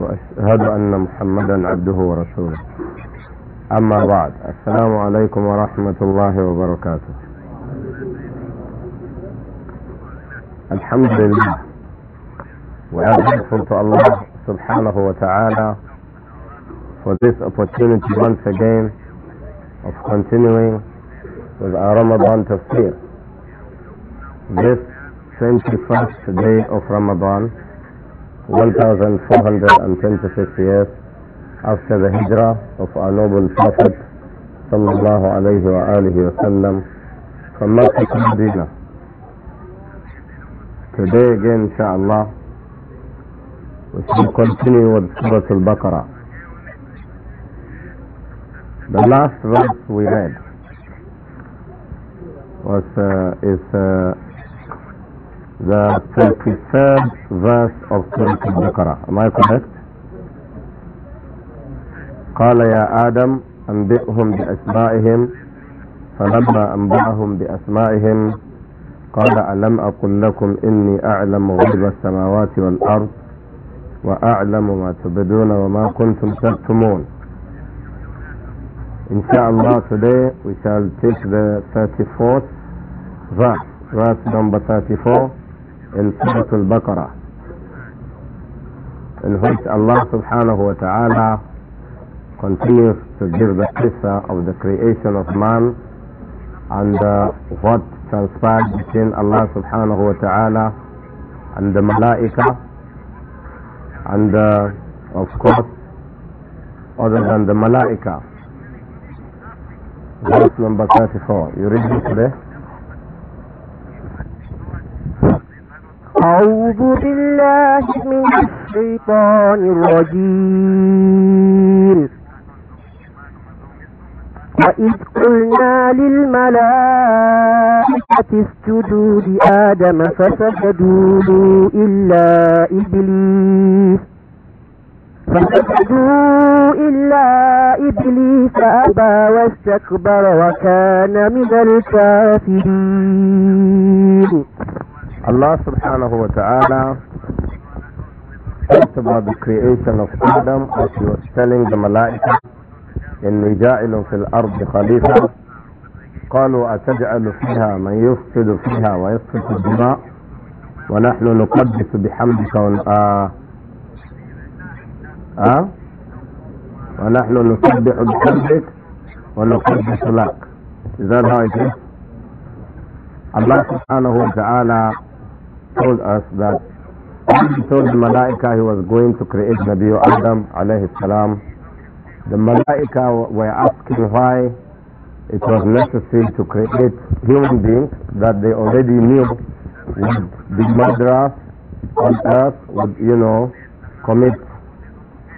وأشهد أن محمدا عبده ورسوله أما بعد السلام عليكم ورحمة الله وبركاته الحمد لله وأشكر الله سبحانه وتعالى for this opportunity once again of continuing with our Ramadan tafsir this 21st day of Ramadan 1426 years after the hijrah of our noble Prophet sallallahu alayhi wa alihi wasallam from Mecca to Medina. Today again inshaAllah we shall continue with Surah Al-Baqarah. The last verse we read was uh, is uh, the 33rd verse of Surah Al-Baqarah. Am I correct? قال يا آدم أنبئهم بأسمائهم فلما أنبأهم بأسمائهم قال ألم أقل لكم إني أعلم غيب السماوات والأرض وأعلم ما تبدون وما كنتم تكتمون الله today we shall take the 34th verse, verse number 34 in Surah Al-Baqarah in which Allah subhanahu wa ta'ala continues to give the qissa of the creation of man and uh, what transpired between Allah subhanahu wa ta'ala and the malaika and uh, of course other than the malaika verse number 34 you read it today أعوذ بالله من الشيطان الرجيم وإذ قلنا للملائكة اسجدوا لآدم فسجدوا إلا إبليس فسجدوا إلا إبليس أبى واستكبر وكان من الكافرين Allah subhanahu wa ta'ala talked about the creation of Adam as he was telling the Malaika إني جاعل في الأرض خليفة قالوا أتجعل فيها من يفسد فيها ويسفك الدماء ونحن نقدس بحمدك ون... آه. آه؟ ونحن نسبح بحمدك ونقدس لك Is that how it is? Allah سبحانه وتعالى told us that he told the Malaika he was going to create Nabi Adam alayhi salam, the Malaika were asking why it was necessary to create human beings that they already knew would be murderers on earth, would, you know, commit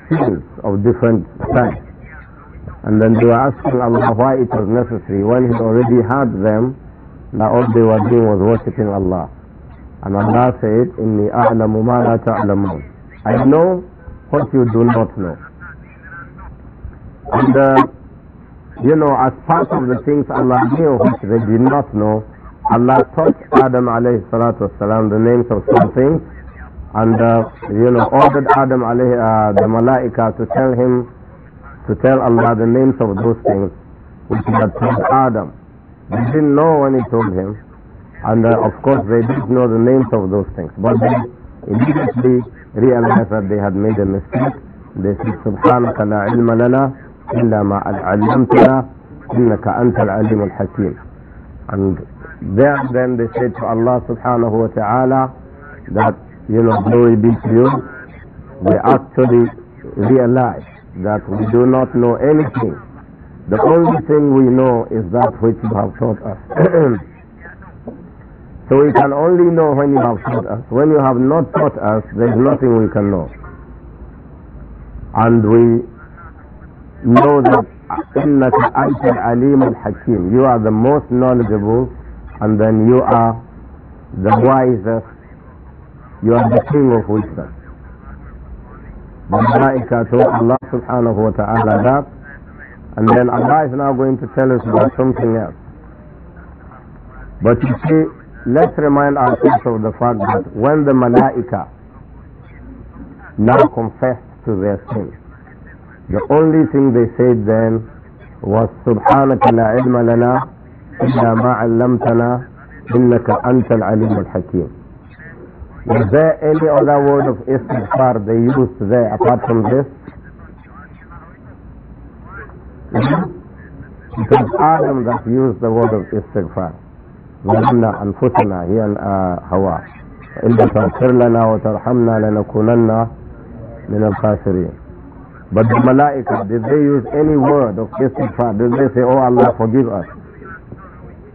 sins of different types. And then they were asking Allah why it was necessary when He already had them that all they were doing was worshipping Allah. And Allah said, Inni a'lamu ma la ta'lamun. I know what you do not know. And, uh, you know, as part of the things Allah knew which they did not know, Allah taught Adam alayhi salatu wasalam the names of some things and, uh, you know, ordered Adam alayhi, uh, the malaika to tell him, to tell Allah the names of those things which he had told Adam. He didn't know when he told him. And uh, of course, they didn't know the names of those things. But they immediately realized that they had made a mistake. They said, سبحانك لا illa ma إلا ما anta al أنت al الحكيم. And there then they said to Allah subhanahu wa ta'ala that, you know, glory be to you. We actually realized that we do not know anything. The only thing we know is that which you have taught us. So we can only know when you have taught us. When you have not taught us, there's nothing we can know. And we know that إِنَّكَ أَنْتَ الْعَلِيمُ الْحَكِيمُ You are the most knowledgeable and then you are the wisest. You are the king of wisdom. The Malaika told Allah subhanahu wa ta'ala that and then Allah is now going to tell us about something else. But you see, let's remind ourselves of the fact that when the Malaika now confessed to their sins, the only thing they said then was سبحانك لا علم لنا إلا ما علمتنا إنك أنت العليم الحكيم Was there any other word of istighfar they used there apart from this? It hmm? was Adam that used the word of istighfar. ظلمنا أنفسنا هي الهوى فان تغفر لنا وترحمنا لنكونن من الخاسرين But the Malaika, did they use any word of istighfar? Did they say, Oh Allah, forgive us?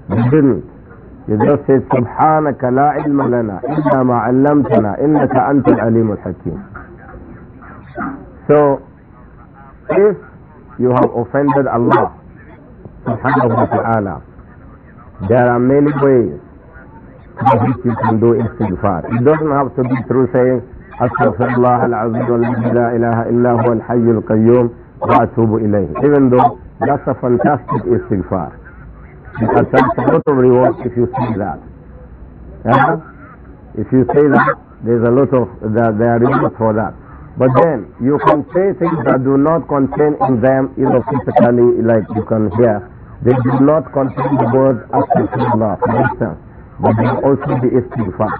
They didn't. They just said, la ilma lana illa إلا ما علمتنا إنك alim al hakim. So, if you have offended Allah, subhanahu wa ta'ala, There are many ways that you can do istighfar. It doesn't have to be through saying, Astaghfirullah al-Azim al-Ladhi la ilaha illa huwa al-Hayy al Even though that's a fantastic istighfar. Because there's a lot of reward if you say that. Yeah? If you say that, there's a lot of, there are rewards for that. But then, you can say things that do not contain in them, you know, physically, like you can hear. They do not contain the word astaghfirullah, for instance, but they also be istighfar.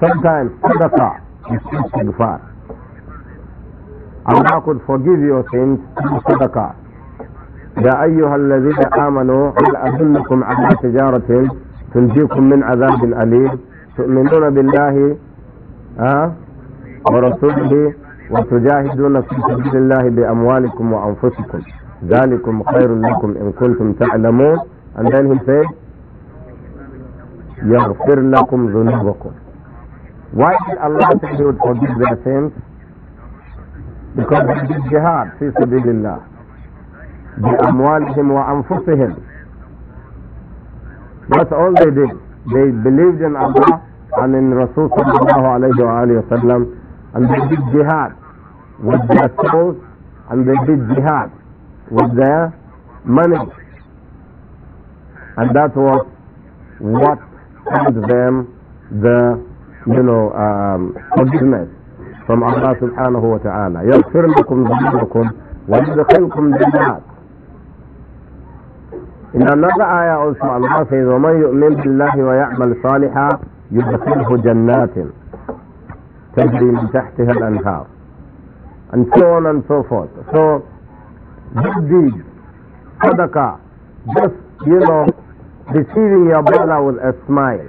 Sometimes sadaqa is istighfar. Allah could forgive your sins through sadaqah. يا أيها الذين آمنوا هل أدلكم على تجارة تنجيكم من عذاب أليم تؤمنون بالله ورسوله وتجاهدون في سبيل الله بأموالكم وأنفسكم ذلكم خير لكم إن كنتم تعلمون and then he said يغفر لكم ذنوبكم why did Allah say he would forgive their sins because they did jihad في سبيل الله بأموالهم وأنفسهم that's all they did they believed in Allah and in Rasul صلى الله عليه وآله وسلم and they did jihad with their souls and they did jihad with their money. And that was what earned them the, you know, um, forgiveness from Allah subhanahu wa ta'ala. يغفر لكم ذنوبكم ويدخلكم In another ayah also Allah says, ومن يؤمن بالله ويعمل صالحا يدخله جنات تجري من تحتها الأنهار. And so on and so forth. So good deeds, sadaqah, just, you know, deceiving your brother with a smile.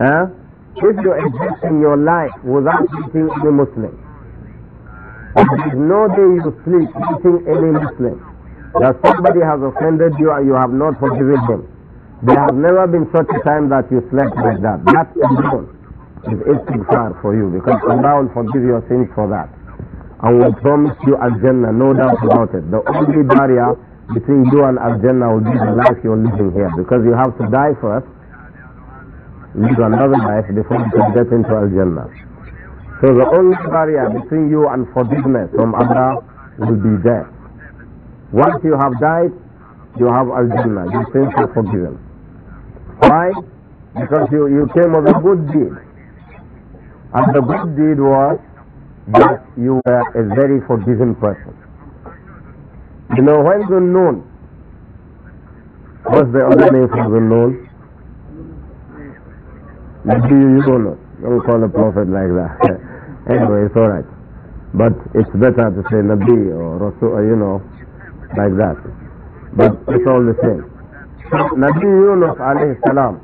Huh? If you exist in your life without meeting any Muslim, there is no day you sleep meeting any Muslim that somebody has offended you and you have not forgiven him. There has never been such a time that you slept like that. That alone is istighfar for you because Allah will forgive your sins for that. I will promise you Al-Jannah, no doubt about it. The only barrier between you and Al-Jannah will be the life you're living here because you have to die first, live another life before you can get into Al-Jannah. So the only barrier between you and forgiveness from Allah will be death. Once you have died, you have Al-Jannah, your sins are forgiven. Why? Because you, you came with a good deed. And the good deed was that you were a very forgiving person. You know, when Zunnun, what's the other name for Zunnun? Maybe you, you don't know. Don't call a prophet like that. anyway, it's alright. But it's better to say Nabi or Rasul, you know, like that. But it's all the same. Nabi Yunus alayhi salam,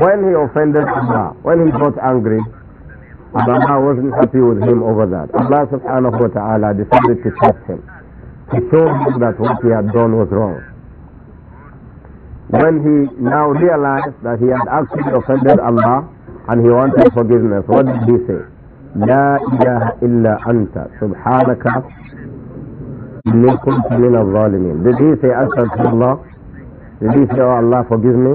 when he offended Allah, when he got angry, Allah wasn't happy with him over that. Allah subhanahu wa ta'ala decided to test him, to show him that what he had done was wrong. When he now realized that he had actually offended Allah and he wanted forgiveness, what did he say? لا إله إلا أنت سبحانك إني كنت من الظالمين. Did he say Astaghfirullah? Did he say, Oh Allah, forgive me?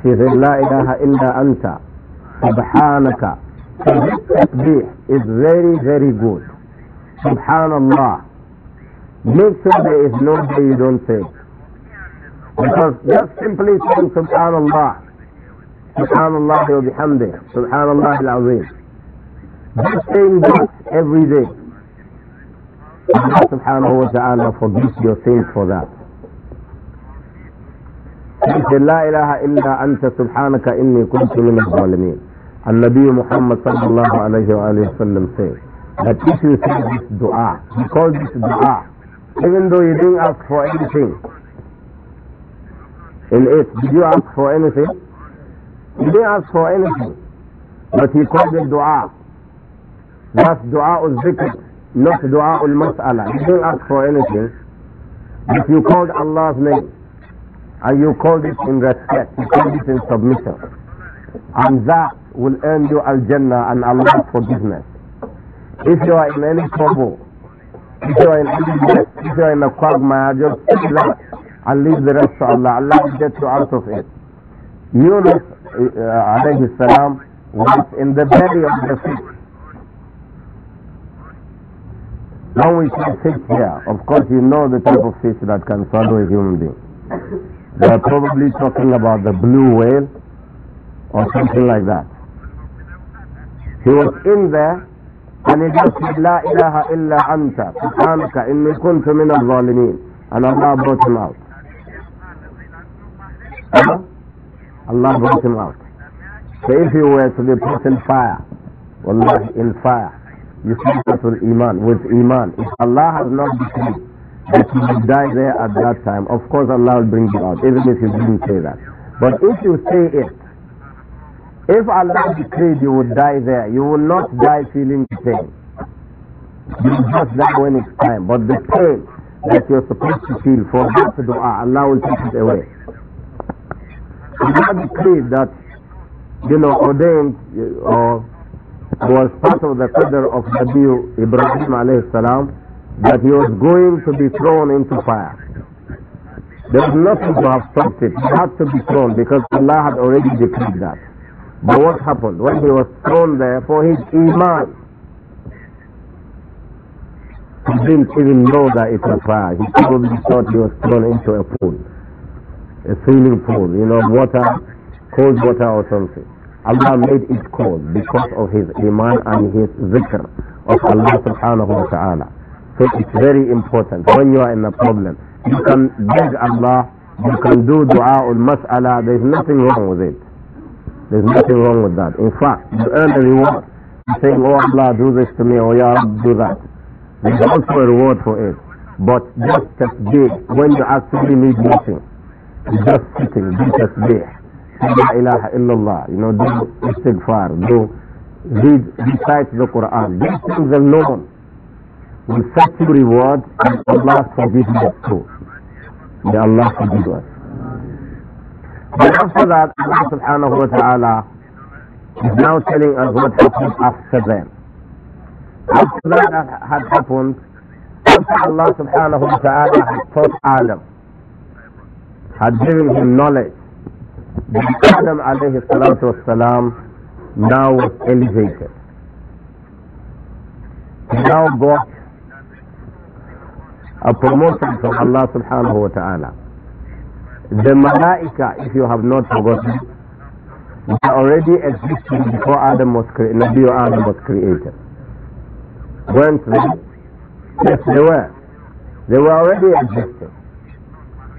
He said, لا إله إلا أنت سبحانك so this tasbih is very, very good. Subhanallah. Make sure there is no day you don't say Because just simply saying Subhanallah, Subhanallah wa bihamdih, Subhanallah al-Azim. Just saying that every day. Allah subhanahu wa ta'ala forgives your sins for that. لا إله إلا أنت سبحانك إني كنت من الظالمين and Nabi Muhammad sallallahu alayhi wa sallam said that if you say this dua, he calls this dua, even though you didn't ask for anything in it, did you ask for anything? You didn't ask for anything, but he called it dua. That's dua ul zikr, not dua ul mas'ala. You didn't ask for anything, but you called Allah's name, and you called it in respect, you called it in submission. And that will earn you Al Jannah and Allah's forgiveness. If you are in any trouble, if you are in any mess, if you are in a quagmire, just take that and leave the rest to Allah. Allah will get you out of it. Yunus uh, salam was in the belly of the fish. Now we can fish here. Of course, you know the type of fish that can swallow a human being. They are probably talking about the blue whale or something like that. He was in there and he just said, La ilaha illa anta, subhanaka inni kuntu min al-zalimin. And Allah brought him out. Allah brought him out. So if you were to be put in fire, Allah in fire, you see that with Iman, with Iman. If Allah has not decreed that you will die there at that time, of course Allah will bring you out, even if you didn't say that. But if you say it, if Allah decreed you would die there, you will not die feeling pain. You just die when it's time. But the pain that you're supposed to feel for that dua, Allah will take it away. Allah decreed that, you know, ordained uh, or was part of the qadr of Nabi Ibrahim alayhi salam that he was going to be thrown into fire. There was nothing to have stopped it. He had to be thrown because Allah had already decreed that. But what happened when he was thrown there for his iman? He didn't even know that it was fire. He probably thought he was thrown into a pool, a swimming pool, you know, water, cold water or something. Allah made it cold because of his iman and his zikr of Allah subhanahu wa ta'ala. So it's very important when you are in a problem. You can beg Allah, you can do dua ul mas'ala, there is nothing wrong with it. There's nothing wrong with that. In fact, you earn a reward. You say, Oh Allah, do this to me, or Ya Rab, do that. There's also a reward for it. But just tasbih, when you actually need nothing, just sitting, do tasbih. Say La ilaha illallah, you know, do istighfar, do, read, recite the Quran. These things alone will With such reward, and Allah's forgiveness too. May Allah forgive us. But after that, Allah subhanahu wa ta'ala is now telling us what happened after them. After that had happened, after Allah subhanahu wa ta'ala had taught Adam, had given him knowledge, then Adam alayhi salatu wasalam now was elevated. He now got a promotion from Allah subhanahu wa ta'ala. The Malaika, if you have not forgotten, they already existed before Adam was created, Nabi Adam was created. Weren't they? Yes, they were. They were already existing.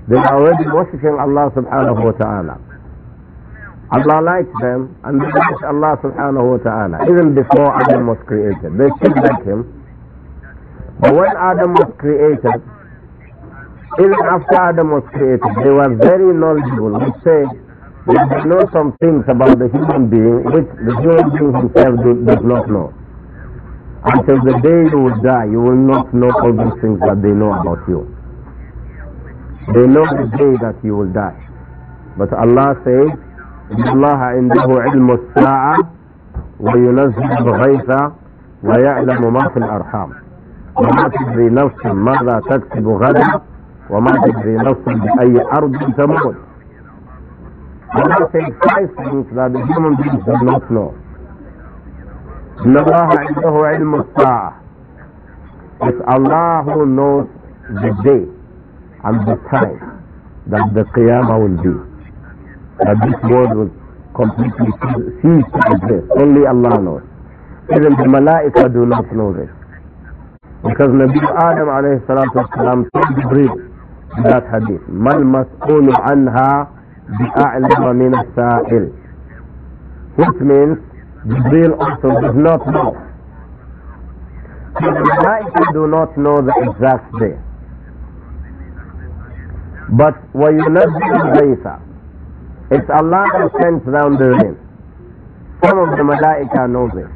They were already worshipping Allah subhanahu wa ta'ala. Allah liked them and they liked Allah subhanahu wa ta'ala. Even before Adam was created, they still like him. But when Adam was created, even after Adam was created, they were very knowledgeable. They say they know some things about the human being which the human being himself do, does not know. Until the day you will die, you will not know all these things that they know about you. They know the day that you will die. But Allah says, "Allah الله عنده علم الساعة وينزل الغيث ويعلم ما في الأرحام وما تدري نفس ماذا تكسب غدا وما تدري نفس بأي أرض تموت Allah said five things that the human beings do إن الله عنده علم الساعة. It's Allah who knows the day and the time that the Qiyamah will be. That this world will completely cease to exist. Only Allah knows. Even the Malaika do not know this. Because Nabi Adam alayhi salatu wasalam told the Jibreel, that hadith. Man mas'ulu anha bi'a'lama min sa'il. Which means Jibreel also does not know. The Malaika do not know the exact day. But وَيُنَزِّلُ الْغَيْثَ It's Allah who sends down the rain. Some of the Malaika know this.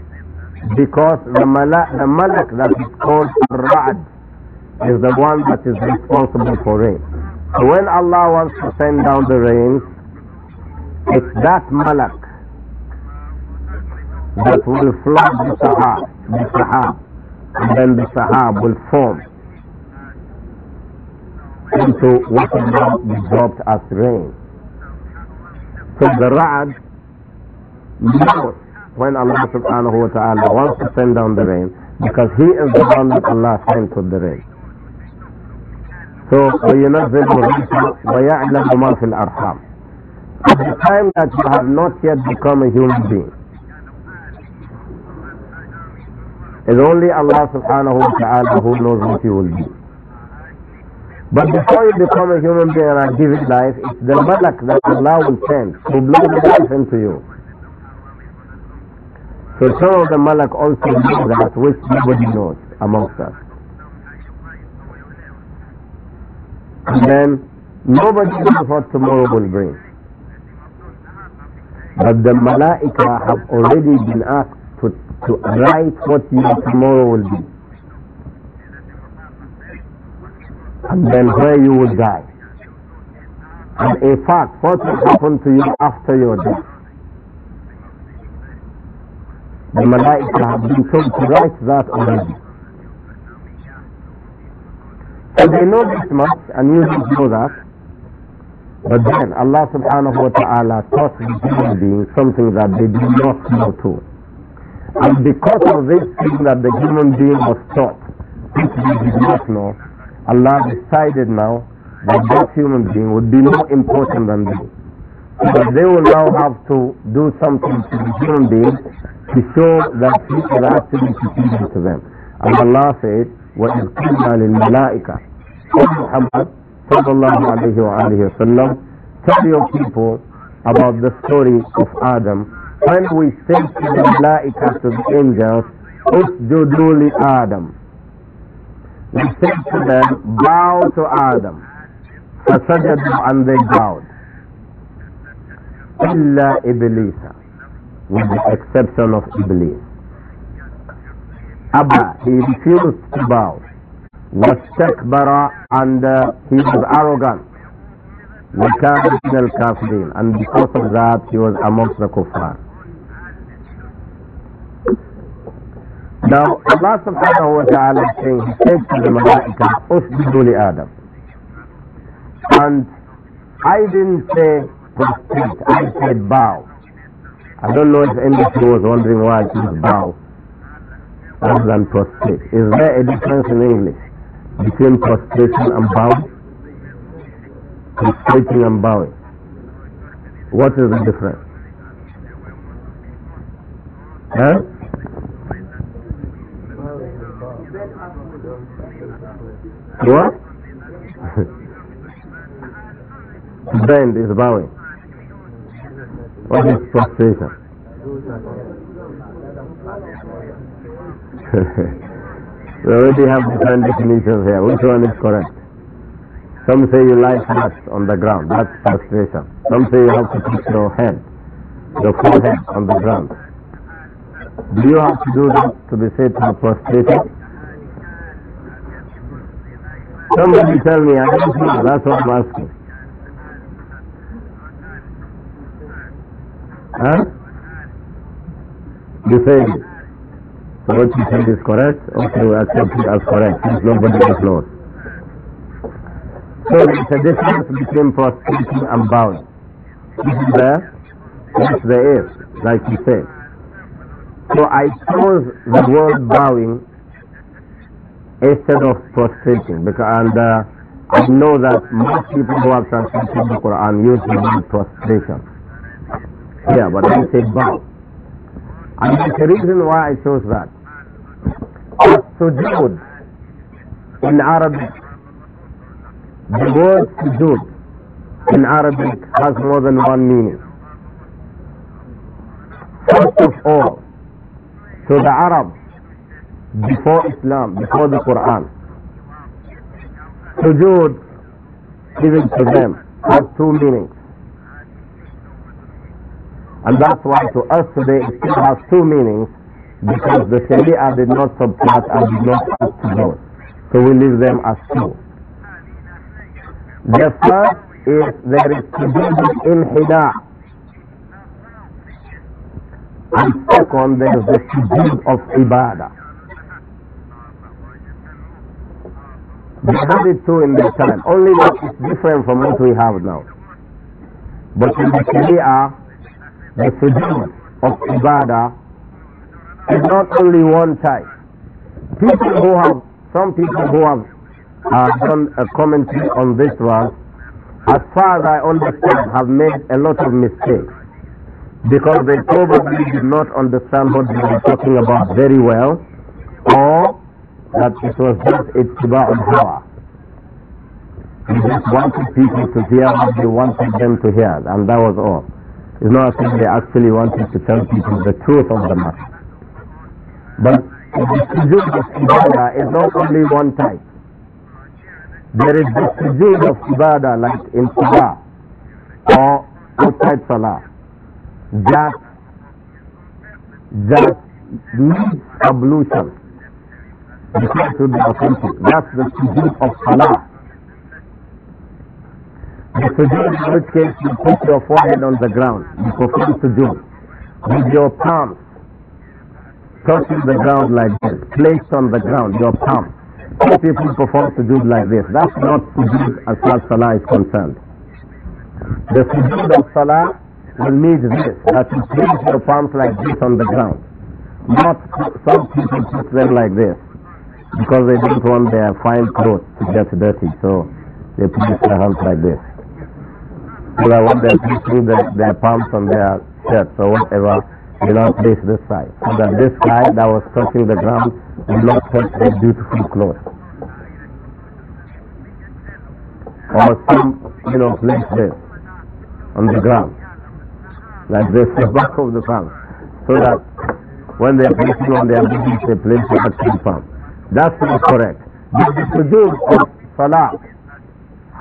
Because the, mala- the Malak that is called Ar-Ra'd is the one that is responsible for rain. So when Allah wants to send down the rain, it's that malak that will flood the Sahab, the Sahab, and then the Sahab will form into what is now dropped as rain. So the Ra'ad knows when Allah subhanahu wa ta'ala wants to send down the rain because he is the one that Allah sent with the rain. So وَيَعْلَمُ مَا فِي الْأَرْحَامِ At the time that you have not yet become a human being, it's only Allah subhanahu wa ta'ala who knows what you will be. But before you become a human being and are given life, it's the malak that Allah will send to blow the life into you. So some of the malak also know that which nobody knows amongst us. And then nobody knows what tomorrow will bring. But the malaika have already been asked to, to write what your tomorrow will be. And then where you will die. And a fact, what will happen to you after your death? The malaika have been told to write that already. So they know this much and you don't know that. But then Allah subhanahu wa ta'ala taught the human being something that they did not know too. And because of this thing that the human being was taught, which they did not know, Allah decided now that that human being would be more important than they. But they will now have to do something to the human being to show that he is actually superior to them. And Allah said, وَإِذْ قِلْنَا لِلْمَلَائِكَةِ O Muhammad sallallahu alayhi wa alayhi wa sallam, tell your people about the story of Adam. When we say to the Malaika, to the angels, Usjudu li Adam. We said to them, bow to Adam. فسجدوا and they bowed. Illa إبليس with the exception of Iblis. Abba, he refused to bow. واستكبر and uh, he was arrogant وكان الكافرين and because of that he was amongst the kuffar now Allah subhanahu wa ta'ala saying he said to the malaika اسجدوا Adam." and I didn't say prostrate I said bow I don't know if anybody was wondering why it is bow rather than prostrate is there a difference in English between prostration and bowing? Prostrating and bowing. What is the difference? Huh? What? bend is bowing. What is prostration? We already have different definitions here. Which one is correct? Some say you lie flat on the ground. That's prostration. Some say you have to put your hand, your forehead on the ground. Do you have to do that to be said to prostrated? Somebody tell me, I don't know. That's what I'm asking. Huh? You say what you said is correct, Also we accept it as correct, since nobody else knows. So the a difference between prostrating and bowing. This is there, yes there is, like you said. So I chose the word bowing instead of prostrating, because and uh, I know that most people who have translated the Quran use the word prostration. Yeah, but I say bow. And the reason why I chose that السجود in Arabic the word sujud in Arabic has more than one meaning first of all so the Arabs before Islam before the Quran sujud given to them has two meanings and that's why to us today it still has two meanings because the Sharia did not subtract and did not add to God. So we leave them as two. The first is there is in hida, And second, there is the sujood of ibadah. We had it too in the time, only that is it's different from what we have now. But in the Sharia, the sujood of ibadah it's not only one type. People who have, some people who have uh, done a commentary on this verse, as far as I understand, have made a lot of mistakes because they probably did not understand what we were talking about very well, or that it was just ittiba al hawa. He just wanted people to hear what they wanted them to hear, and that was all. It's not as if they actually wanted to tell people the truth of the matter. But the sujood of ibadah is not only one type. There is the sujood of ibadah like in salah or outside salah that, that needs ablution. Because to be authentic. That's the sujood of salah. The sujood in which case you put your forehead on the ground. You perform sujood with your palms touching the ground like this, placed on the ground, your palm. Some people perform sujood like this. That's not sujood as far as salah is concerned. The sujood of salah will mean this, that you place your palms like this on the ground. Not some people put them like this, because they don't want their fine clothes to get dirty, so they place their hands like this. So they want them to put their, their palms on their shirts or whatever you know, this side, so that this side that was touching the ground will not touch beautiful cloth, Or some, you know, place this on the ground, like this, the back of the palm, so that when they are placing on their bodies, they place the touching palm. That's not correct. But the sujood of salah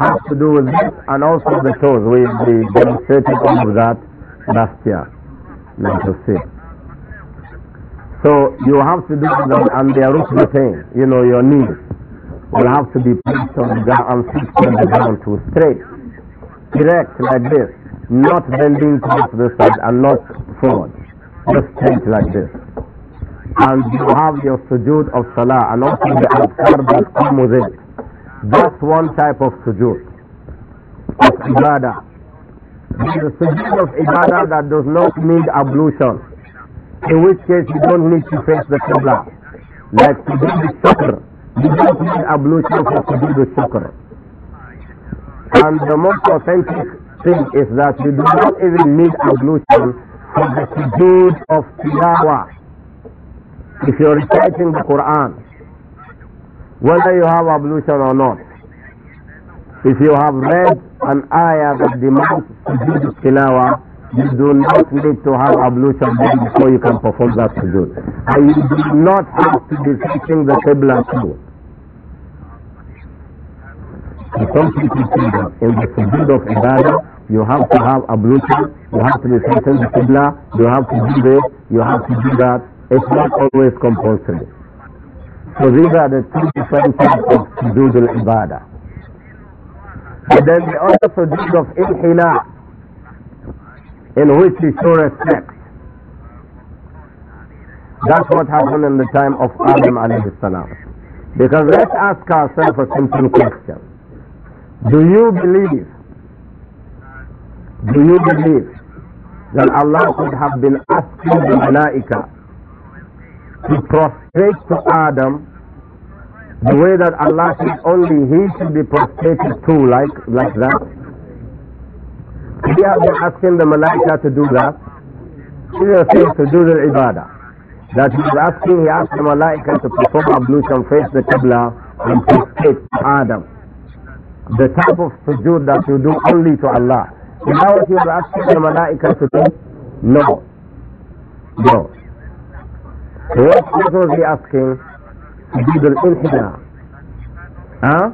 has to do with this and also the toes. We, we demonstrated all of that last year. So you have to do that, and they are thing. You know, your knees will have to be placed on the ground and fixed on the ground to straight, erect like this, not bending towards the side and not forward, just straight like this. And you have your sujood of salah and also the adhkar that come with it. That's one type of sujood, of ibadah. The a of ibadah that does not need ablution, in which case you don't need to face the Qibla. Like to do the shukr, you don't need ablution for to do the shukr. And the most authentic thing is that you do not even need ablution for the sujood of tilawa. If you're reciting the Quran, whether you have ablution or not, if you have read an ayah that demands tilawa, you do not need to have ablution before you can perform that sujood. And you do not have to be facing the Qibla too. And some people say that in the sujood of ibadah, you have to have ablution, you have to be facing the Qibla, you have to do this, you have to do that. It's not always compulsory. So these are the two different types of sujood al-ibadah. And then the other sujood of inhina, in which he show respect. That's what happened in the time of Adam alayhi salam. Because let's ask ourselves a simple question. Do you believe, do you believe that Allah could have been asking the Malaika to prostrate to Adam the way that Allah says only He should be prostrated to, like, like that. We have been asking the Malaika to do that. He refused to do the ibadah. That he was asking, he asked the Malaika to perform ablution, face the Qibla, and prostrate to Adam. The type of sujood that you do only to Allah. Is that what he was asking the Malaika to do? No. No. What, what was he asking? حدود الانخداع huh?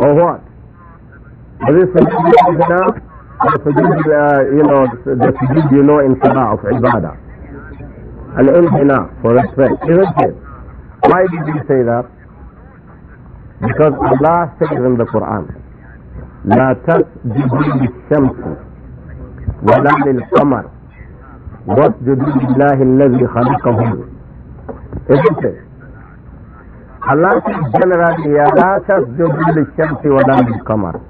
or what is it sujood al-inkhida or sujood uh, you know the sujood you know in salah of ibadah al-inkhina for respect isn't it why did he say that because Allah says in the Quran لا تسجدوا للشمس ولا للقمر واسجدوا لله الذي خلقهم isn't it Allah says generally, لا تسجد للشمس ولا للقمر.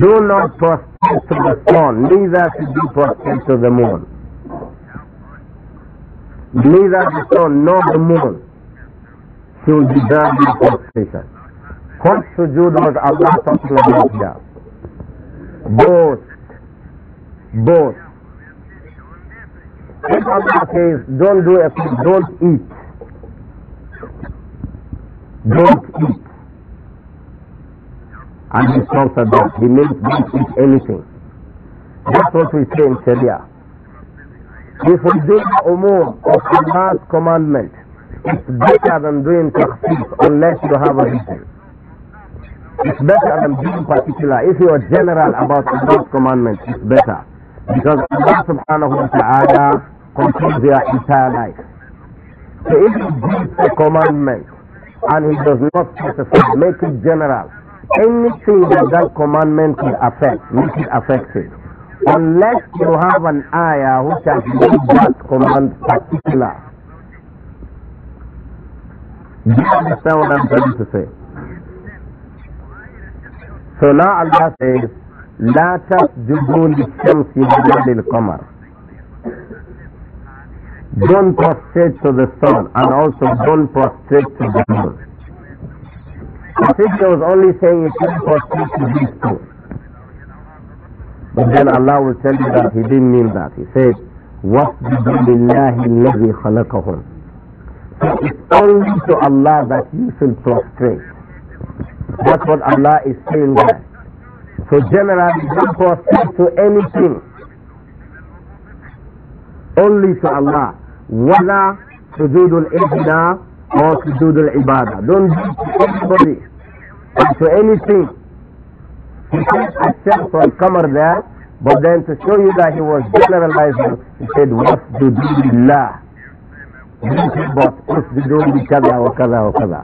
Do not prostrate to the sun, neither to be prostrate to the moon. Neither the sun nor the moon should be your prostration. What sujood was Allah talking about here? Both. Both. If Allah says, don't do a don't eat don't eat. And he talks about that. He means don't eat anything. That's what we say in Sharia. If we do the of of Allah's commandment, it's better than doing taqsif unless you have a reason. It's better than being particular. If you are general about Allah's commandment, it's better. Because Allah subhanahu wa ta'ala controls your entire life. So if you give a commandment and he does not specify, make it general. Anything that that commandment could affect, make it affected. Unless you have an ayah which has made that command particular. Do you understand what I'm trying to say? So now Allah says, لا تسجدوا للشمس ولا للقمر don't prostrate to the sun and also don't prostrate to the moon. I think he was only saying you do not prostrate to these two. But then Allah will tell you that he didn't mean that. He said, وَاسْجُدُ لِلَّهِ الَّذِي خَلَقَهُمْ So it's only to Allah that you should prostrate. That's what Allah is saying there. So generally, don't prostrate to anything. Only to Allah whether sujudul ihda or sujudul ibadah. Don't do to anybody or to anything. He said except for Qamar there, but then to show you that he was generalizing, he said, وَاسْجُدُوا لِلَّهِ But اسْجُدُوا لِكَذَا وَكَذَا وَكَذَا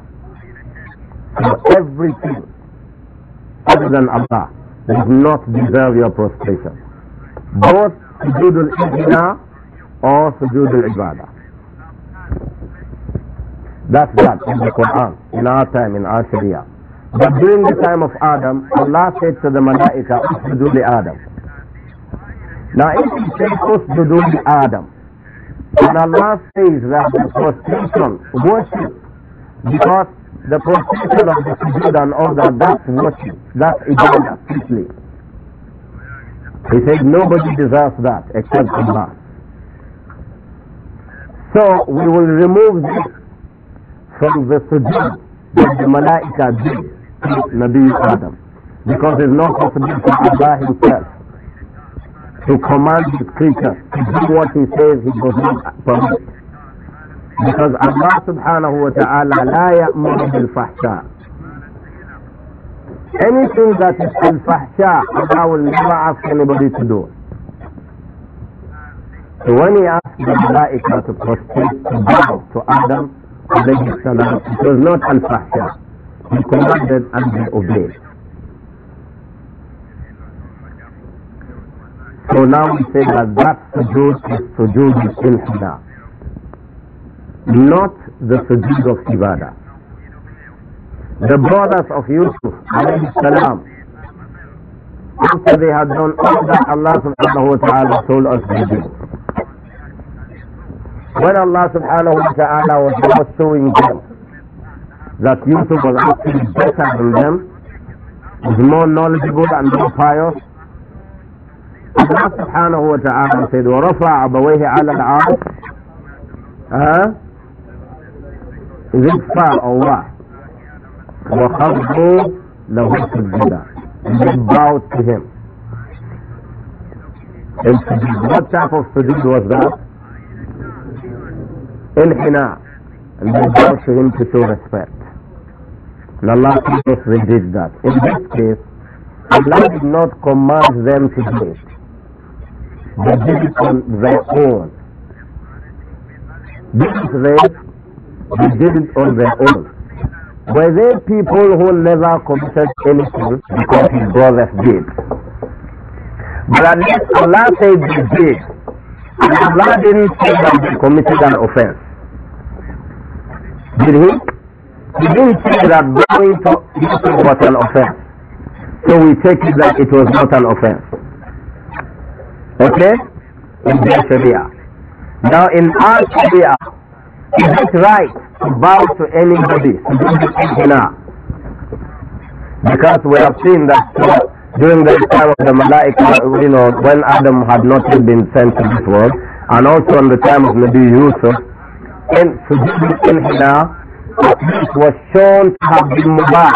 So everything other than Allah does not deserve your prostration. Both sujudul ihda or sujood al-ibadah. That's that in the Quran, in our time, in our Sharia. But during the time of Adam, Allah said to the Malaika, Usjudu Adam. Now if you say Usjudu Adam, and Allah says that the prostration, worship, because the prostration of the sujood and all that, that's worship, that's ibadah, simply. He said nobody deserves that except Allah. So we will remove this from the sujood that the malaika did to Nabi Adam. Because it's not possible for Allah himself to command his creature to do what he says he does not permit. Because Allah subhanahu wa ta'ala la ya'mur bil fahsha. Anything that is al fahsha, Allah will never ask anybody to do so when he asked the Malaika to prostrate to bow to Adam, salam, it was not al-fahsha. He commanded and they obeyed. So now we say that that sujood is sujood is ilhida, not the sujood of ibadah. The brothers of Yusuf, alayhi salam, after they had done all that Allah subhanahu wa ta'ala told us to do, when Allah subhanahu wa ta'ala was showing them that Yusuf was actually better than them, was more knowledgeable and more pious, Allah subhanahu wa ta'ala said, وَرَفَعَ أَبَوَيْهِ عَلَى الْعَرْشِ Huh? Is it far or what? وَخَضُّوا لَهُ سُجِّدًا And they bowed to him. And what type of sujood was that? inhina and they bow to him to show respect. And Allah forbids that. In this case, Allah did not command them to do it. They did it on their own. This is rape. They did it on their own. Were they people who never committed anything because his brothers did? But at least Allah said they did. And Allah didn't say that they committed an offense. Did he? He didn't say that going to Yusuf was an offense. So we take it that it was not an offense. Okay? In their Now in our is it right to bow to anybody, Because we have seen that uh, during the time of the Malaika, you know, when Adam had not yet been sent to this world, and also in the time of Nabi Yusuf, sujood al-inhila was shown to have been mubah.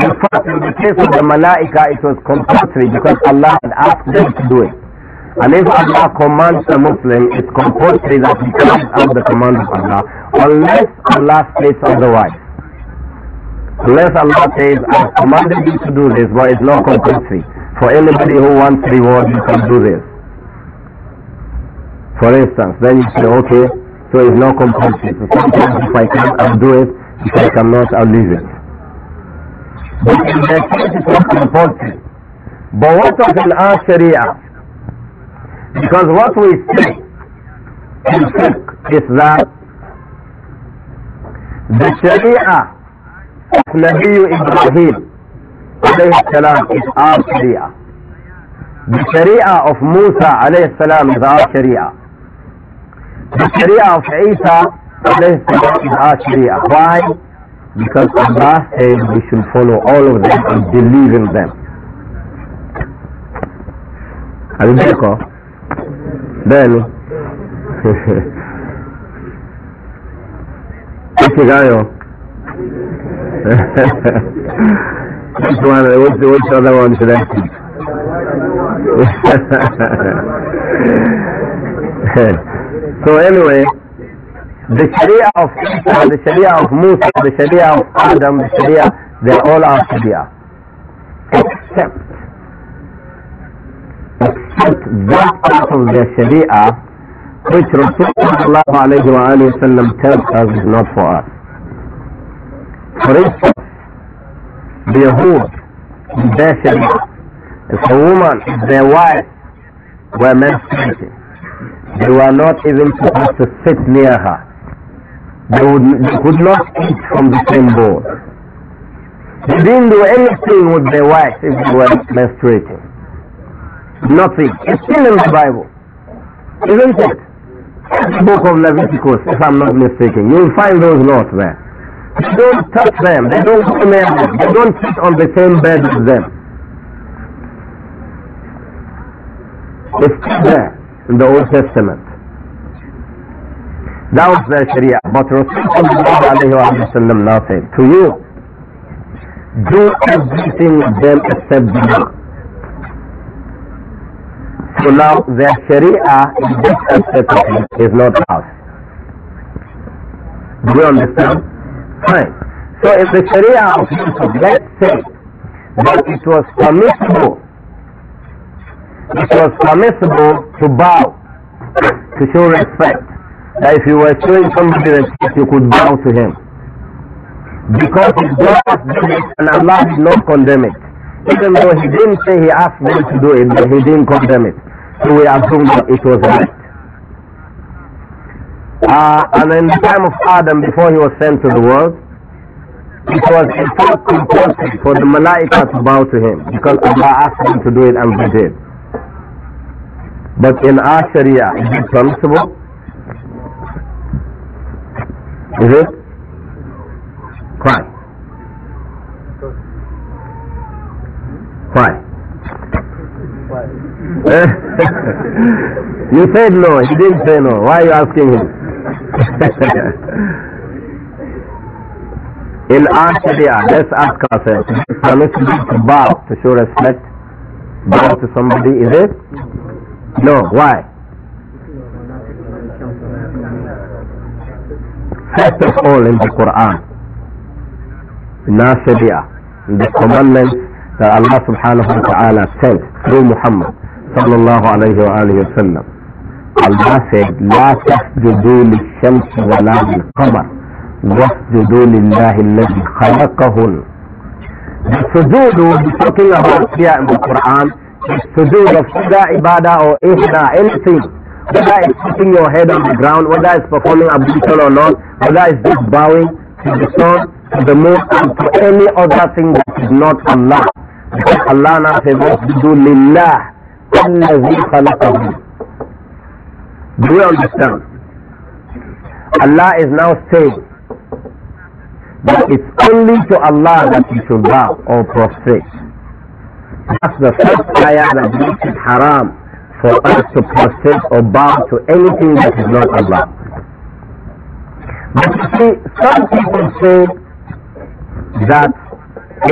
In fact, in the case of the malaika, it was compulsory because Allah had asked them to do it. And if Allah commands a Muslim, it's compulsory that he carries out the command of Allah, unless Allah states otherwise. Unless Allah says, I've commanded you to do this, but it's not compulsory. For anybody who wants reward, you can do this. For instance, then you say, okay, so it's not compulsory. So sometimes if I can, I'll do it. If I cannot, I'll leave it. But in that case, it's not compulsory. But what of in our Sharia? Because what we say in fiqh is that the Sharia of Nabi Ibrahim alayhi salam is our Sharia. The Sharia of Musa alayhi salam is our Sharia. The Sharia of Isa is our Why? Because Allah said we should follow all of them and believe in them. Then. What's Esse ganhou. Which one? Which, which other one should I pick? So anyway, the Sharia of Isa, the Sharia of Musa, the Sharia of Adam, the Sharia, they all are Sharia. Except, except that part of the Sharia which Rasulullah alayhi wa alayhi wa tells us is not for us. For instance, the Yahud, their Sharia, if a woman, their wife were menstruating, they were not even supposed to sit near her. They, would, they could not eat from the same bowl. They didn't do anything with their wives if they were menstruating. Nothing. It's still in the Bible. Isn't it? The book of Leviticus, if I'm not mistaken. You'll find those laws there. They don't touch them. They don't go near them. They don't sit on the same bed with them. It's still there in the Old Testament. That was their Sharia. But Rasulullah now said to you, do everything with them except zina. So now their Sharia in this aspect is not ours. Do you understand? Fine. So if the Sharia of Yusuf, let's say that it was permissible it was permissible to bow, to show respect. That if you were showing somebody respect, you could bow to him. Because his brothers do it and Allah did not condemn it. Even though he didn't say he asked them to do it, but he didn't condemn it. So we assume that it was right. Uh, and in the time of Adam, before he was sent to the world, it was in fact compulsory for the Malaika to bow to him because Allah asked them to do it and they did. But in our Sharia, is it permissible? Is it? Why? Why? you said no, he didn't say no. Why are you asking him? in our Sharia, let's ask ourselves, permissible to bow to show respect, bow to somebody, is it? No, why? First of all, in the Quran, Nasabiyah, the commandments that Allah subhanahu wa ta'ala sent through Muhammad sallallahu alayhi wa alayhi wa sallam. Allah said, لا تسجدوا للشمس ولا للقمر واسجدوا لله الذي خلقهن. The sujood we are talking about here in the Quran to do the further ibadah or ihda, anything, whether it's putting your head on the ground, whether it's performing ablution or not, whether it's just bowing to the sun, to the moon, and to any other thing that is not Allah. Because Allah now says, what to do lillah, الذي خلقه. Do you understand? Allah is now saying that it's only to Allah that you should bow or prostrate. That's the first ayah that makes it haram for us to prostrate or bow to anything that is not Allah. But you see, some people say that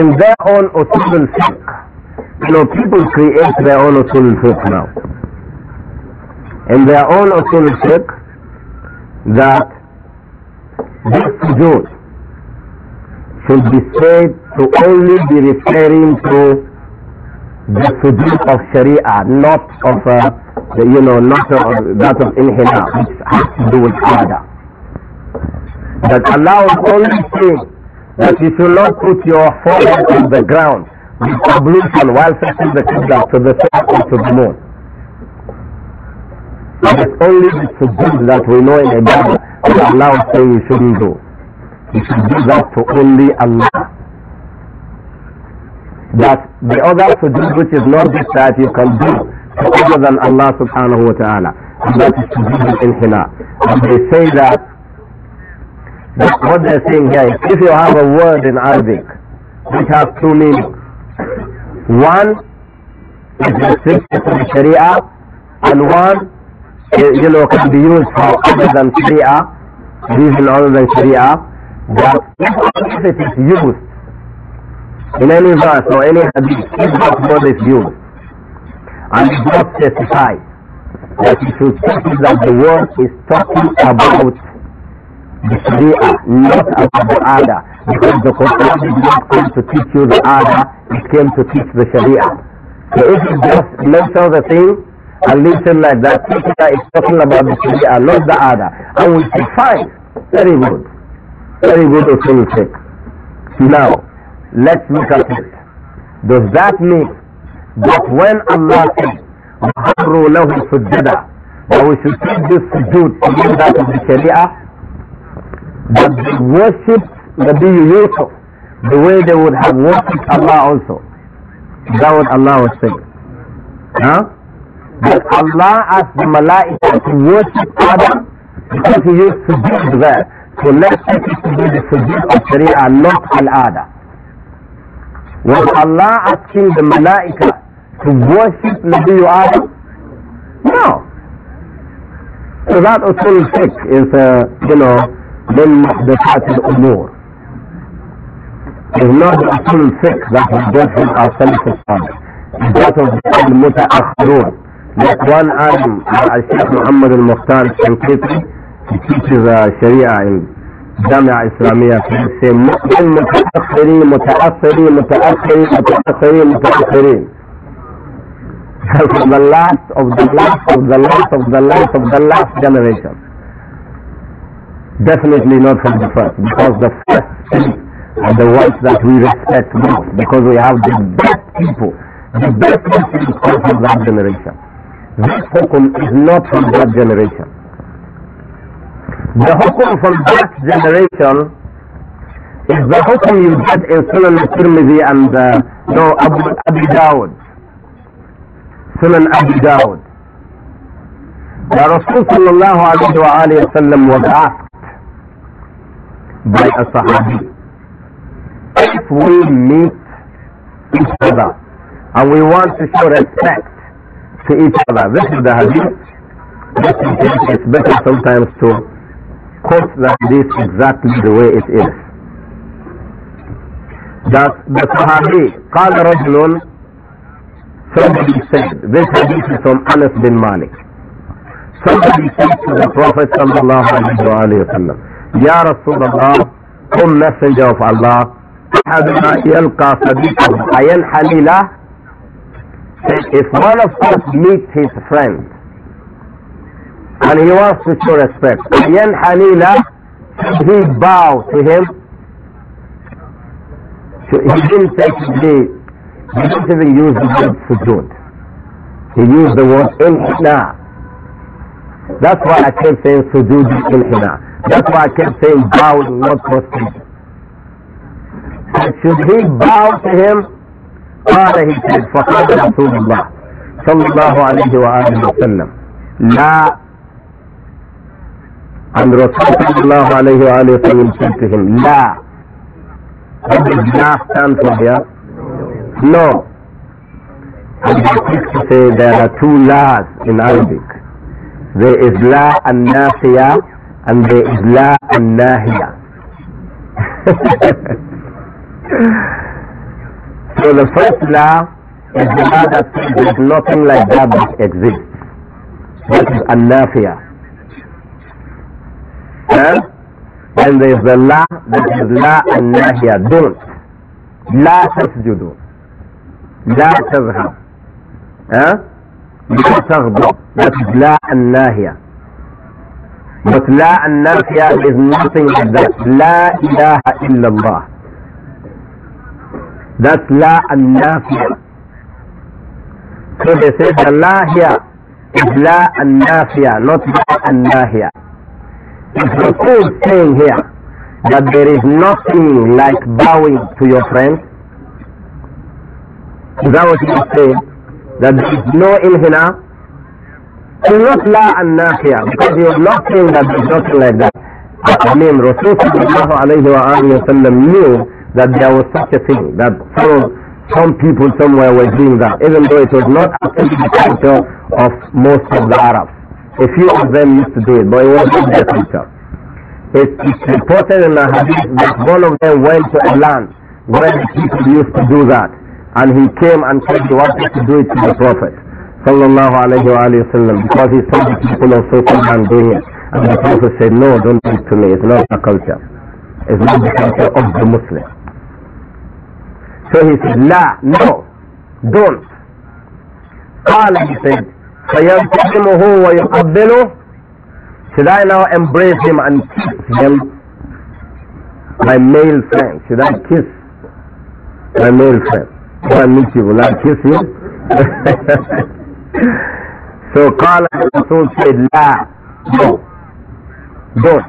in their own usul fiqh, you know, people create their own usul fiqh now. In their own usul fiqh, that this sujood should be said to only be referring to the sujood of sharia, not of, uh, the, you know, not of, that of inhila, which has to do with ibadah. That Allah is only saying that you should not put your forehead on the ground with ablution while facing the Qibla to the sun or to the moon. And it's only the sujood that we know in ibadah that Allah is saying you shouldn't do. You should do that to only Allah that the other sujood which is not this that you can do to other than Allah subhanahu wa ta'ala. And that is sujood inhina. And they say that, that what they're saying here is if you have a word in Arabic which has two meanings, one is restricted to the Sharia and one eh, you know can be used for other than Sharia, reason other than Sharia, that if it is used in any verse or any hadith is that God is and is not testified that it should take that the world is talking about the Sharia, not about the Ada, because the Quran did not come to teach you the Ada, it came to teach the Sharia. So if you just mention the thing and listen like that, Tikita is talking about the Sharia, not the Ada, and we should fine, very good, very good, Usul Sheikh. Now, let us look at it. Does that mean that when Allah says, وَحَرُّوا لَهُ سُجَّدًا that we should take this sujood to mean that of the Sharia? That they worship Nabi Yusuf the way they would have worshipped Allah also. That what Allah was saying. Huh? That Allah asked the Malaika to worship Adam because he used sujood there. So let's take it to be the sujood of Sharia, not al-Ada. Was Allah asking the Malaika to worship Nabi Adam? No. So that usul fiqh is, uh, you know, min muhdasat al-umur. It's not the usul fiqh that we get not our salafis on. It's that of the al-muta'akhirun. Like one alim, al-Sheikh uh, Muhammad al-Mukhtar al-Shankiti, he teaches uh, Sharia in جامعة إسلامية في مؤمن متأخرين متأخرين متأخرين متأخرين متأخرين from the last of the last of the last of the last of the last generation. Definitely not from the first, because the first are the ones that we respect most, because we have the best people, the best people from that generation. This hukum is not from that generation. The hukum from that generation is the hukum you get in Sunan al-Tirmidhi and uh, no, Abu, Abu Dawud. Sunan Abu Dawud. The Rasul sallallahu alayhi wa alayhi wa sallam was asked by a Sahabi, if we meet each other and we want to show respect to each other, this is the hadith, this is, it's better sometimes to quotes that this exactly the way it is. That the Sahabi, قال رجل, somebody said, this hadith is from Anas bin Malik. Somebody said to the Prophet sallallahu alayhi wa sallam, Ya Rasulullah, O Messenger of Allah, أحدنا يلقى صديقه أينحني له? If one of us meets his friend, and he wants to show respect. ينحني Hanila, he bowed to him. He didn't the, he didn't even use the word sujood. He used the word inhina. That's why I kept saying sujood inhina. That's why I kept saying bowing, not prostrating. Should he bow to him? قال he said فقال رسول الله صلى الله عليه وآله وسلم لا and Rasulullah alayhi wa alayhi said to him, La. What does La stand for here? No. And they used to say there are two La's in Arabic. There is La and Nafiya and there is La and Nahiya. so the first La is the La that says there is nothing like that that exists. That is an Nafiya. Huh? And there's the la, that is la and nahya don't. La tasjudu. La tazhab. Huh? La taghdab. That is la and nahya But la and nafiya is nothing like that. La ilaha illallah. That's la and nafiya. So they say the la here is la and nafiya, not la and nahya it's Rasul thing here that there is nothing like bowing to your friend. Is that what he was saying? That there is no inhina? It's not la and nafiya because you're not saying that there's nothing like that. I mean, Rasulullah sallallahu knew that there was such a thing, that some, some people somewhere were doing that, even though it was not actually the culture of most of the Arabs. A few of them used to do it, but it was not their culture. It's, it's reported in the hadith that one of them went to a land where the people used to do that. And he came and said he wanted to do it to the Prophet sallallahu alayhi wa sallam because he saw the people of so and doing it. And the Prophet said, no, don't do it to me. It's not a culture. It's not the culture of the Muslim. So he said, la, no, don't. قال he said فَيَلْتَقِمُهُ وَيُقَبِّلُهُ Should I now embrace him and kiss him? My male friend. Should I kiss my male friend? Go and meet you. Will I kiss you? so قال الرسول said لا no don't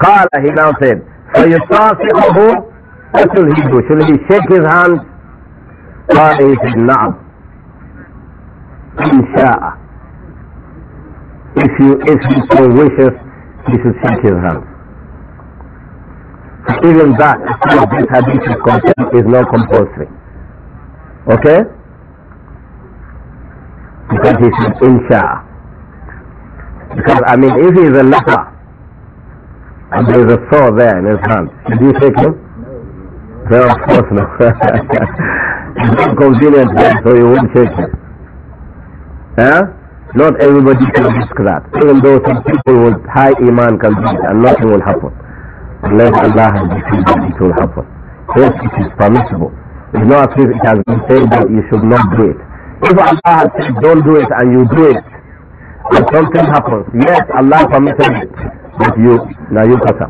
قال he now said فيصافحه what should he do should he shake his hand قال he said نعم sha'a. If you if he so wishes, he should shake his hand. So even that, this hadith is concerned, is not compulsory. Okay? Because he should insha'a. Because I mean if he is a leper and there is a saw there in his hand, should you shake him? No, of course not. it's not convenient so you won't shake him. Not everybody can do that. Even though some people with high iman can do it and nothing will happen. Unless Allah has decreed it will happen. Yes, it is permissible. It's not as if it has been said that you should not do it. If Allah has said don't do it and you do it, and something happens, yes, Allah permitted it, but you, now you suffer.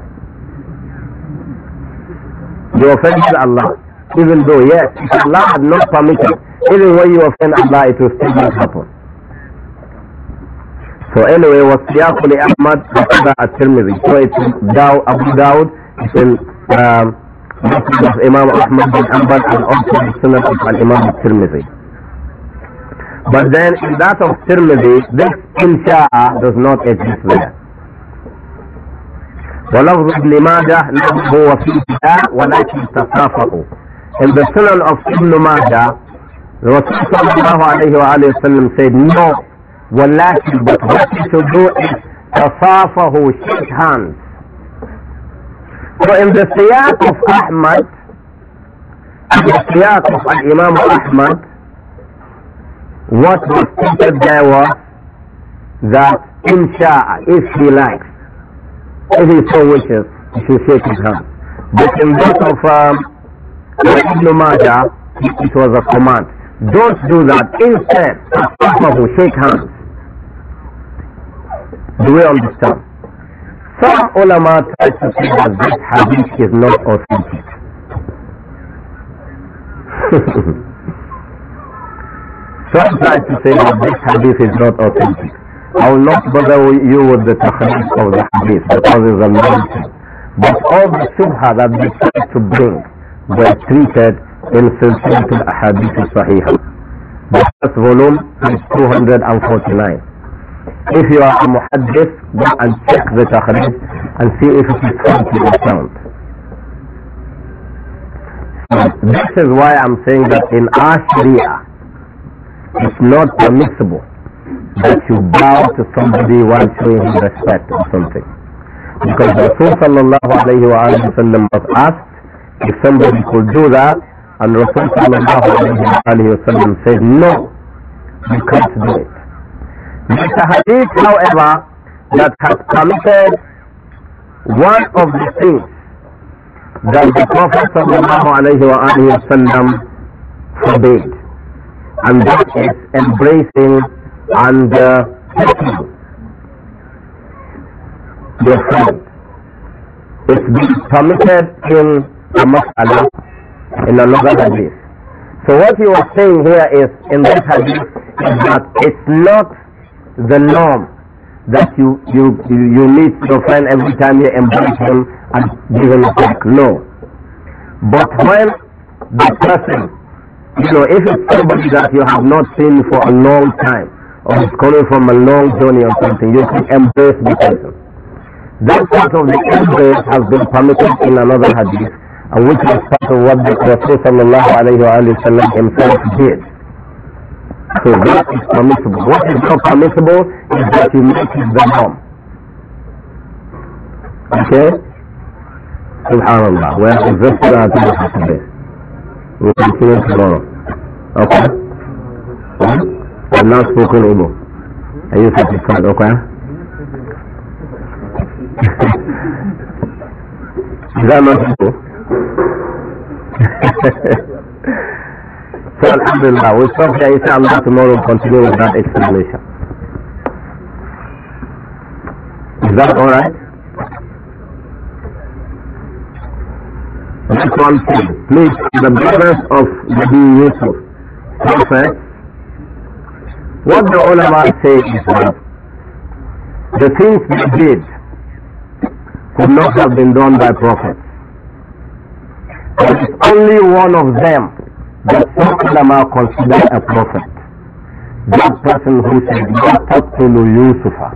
You offended Allah even though yes, Allah had not permitted, even when you offend Allah, it will still not happen. So anyway, was Siyaqul Ahmad at Tirmidhi. So it's Daw, Abu Dawud, it's in um, of Imam Ahmad bin Ambal and also the Sunnah of Imam Tirmidhi. But then in that of Tirmidhi, this insha'a does not exist there. ولفظ ابن ماجه له هو فيه ولكن تفافقوا. In the Sunan of Ibn Majah, Rasul صلى الله عليه alayhi wa said, no, ولكن but what you should do is تصافه shake hands so in the siyaq of Ahmad in the siyaq of Imam Ahmad what was stated there was that insha'a if he likes if he so wishes he should shake his hand but in that of um, Majah it was a command don't do that instead of shake hands do we understand? Some ulama try to say that this hadith is not authentic. Some try to say that this hadith is not authentic. I will not bother you with the tahrir of the hadith because it's a nonsense. But all the shubha that they try to bring were treated in Silsilatul Ahadith sahihah. The first volume is 249. If you are a muhaddith, go and check the takhrij and see if it is to the sound. this is why I'm saying that in our Sharia, it's not permissible that you bow to somebody while showing him respect or something. Because Rasulullah sallallahu alayhi wa sallam was asked if somebody could do that, and Rasulullah sallallahu alayhi wa sallam said, no, you can't do it. But the hadith, however, that has permitted one of the things that the Prophet وسلم, forbade, and that is embracing and uh, your friend. It's been permitted in a mas'ala in another hadith. So what he was saying here is in this hadith is that it's not the norm that you, you, you meet your friend every time you embrace him and give him a hug. No. But when the person, you know, if it's somebody that you have not seen for a long time, or is coming from a long journey or something, you should embrace the person. That part of the embrace has been permitted in another hadith, and which was part of what the Prophet ﷺ himself did. So that is permissible. What is not permissible is that you make it the norm. Okay? Subhanallah. Well, is this what I think of today? We'll continue tomorrow. Okay? I've not spoken Igbo. Are you satisfied? Okay? is that not Igbo? So Alhamdulillah, we'll stop here inshallah tomorrow we'll continue with that explanation. Is that alright? That's one thing. Please, the brothers of the Yusuf, Prophet, what the ulama say is that the things they did could not have been done by prophets. There is only one of them that some ulama consider a prophet that person who said la taqtulu yusufa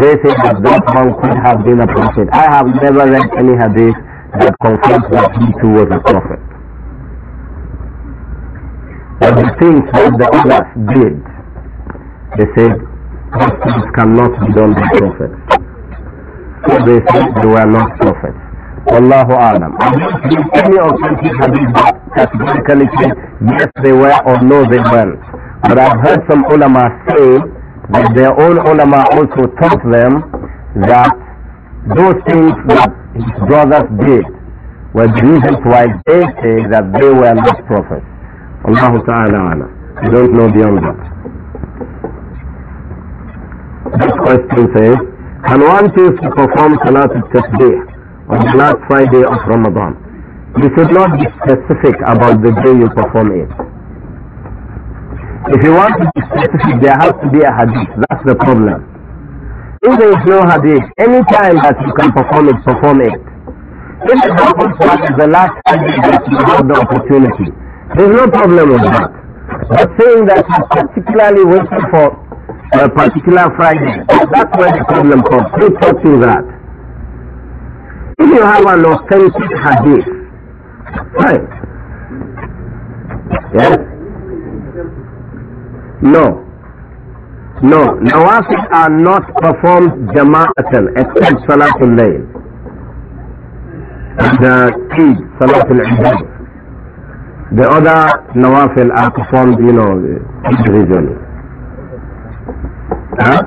they say that that man could have been a prophet i have never read any hadith that confirms that he too was a prophet but the things that the others did they said those things cannot be done by prophets so they said they were not prophets Allahu Alam. Any authentic hadith that categorically say yes they were or no they weren't. But I've heard some ulama say that their own ulama also taught them that those things that his brothers did were the reasons why they say that they were not prophets. Allah Ta'ala Alam. We don't know beyond that. This question says, can one choose to perform Salat al-Tasbih on the last Friday of Ramadan. You should not be specific about the day you perform it. If you want to be specific, there has to be a hadith. That's the problem. If there is no hadith, any time that you can perform it, perform it. If it happens that is the last hadith that you have the opportunity, there's no problem with that. But saying that you particularly waiting for a particular Friday, that's where the problem comes. Keep touching that. If you have an authentic hadith, fine. Yes? No. No. Nawafis are not performed jama'atan except Salatul Layl. The uh, Eid, Salatul Ibadah. The other nawafil are performed, you know, individually. Huh?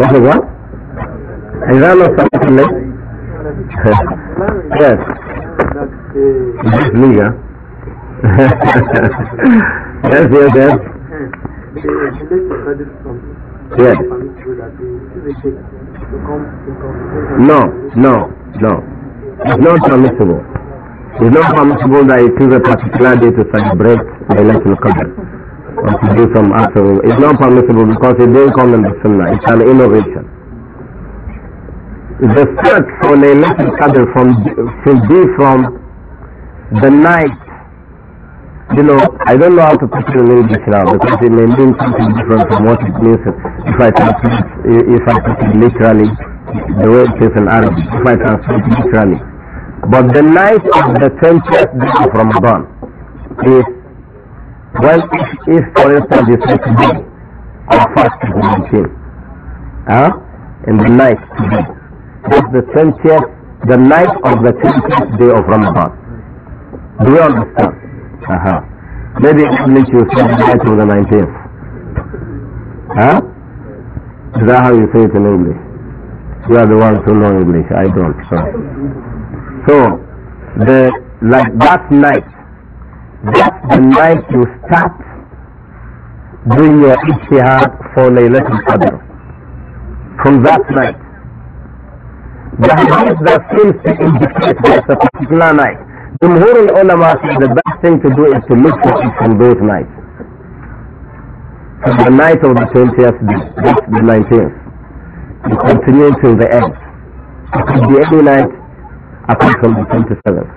What is what? Is that not Salatul Layl? yes. This is yes, yes, yes. Yes. No, no, no. It's not permissible. It's not permissible that it is a particular day to celebrate the election Qadr or to do some act It's not permissible because it didn't come in the Sunnah. It's an innovation the third for Laylatul Qadr from, should be from the night. You know, I don't know how to put it in English now because it may mean something different from what it means if I translate if I put it literally the way it is in Arabic. If I translate literally, but the night of the twentieth day of Ramadan is well, if, if for instance you say today, I fast to the 19th, huh? in the night today is the 20th, the night of the 20th day of Ramadan. Do you understand? Uh-huh. Maybe English you say the night of the 19th. Huh? Is that how you say it in English? You are the ones who know English. I don't. So, so the like that night, that's the night you start doing your ijtihad for Laylatul Qadr. From that night, the hadith that seems to indicate there's a particular night. Jumhur al-ulama say the best thing to do is to look for it from those nights. From the night of the 20th to the 19th. You continue till the end. It could be any night apart from the 27th.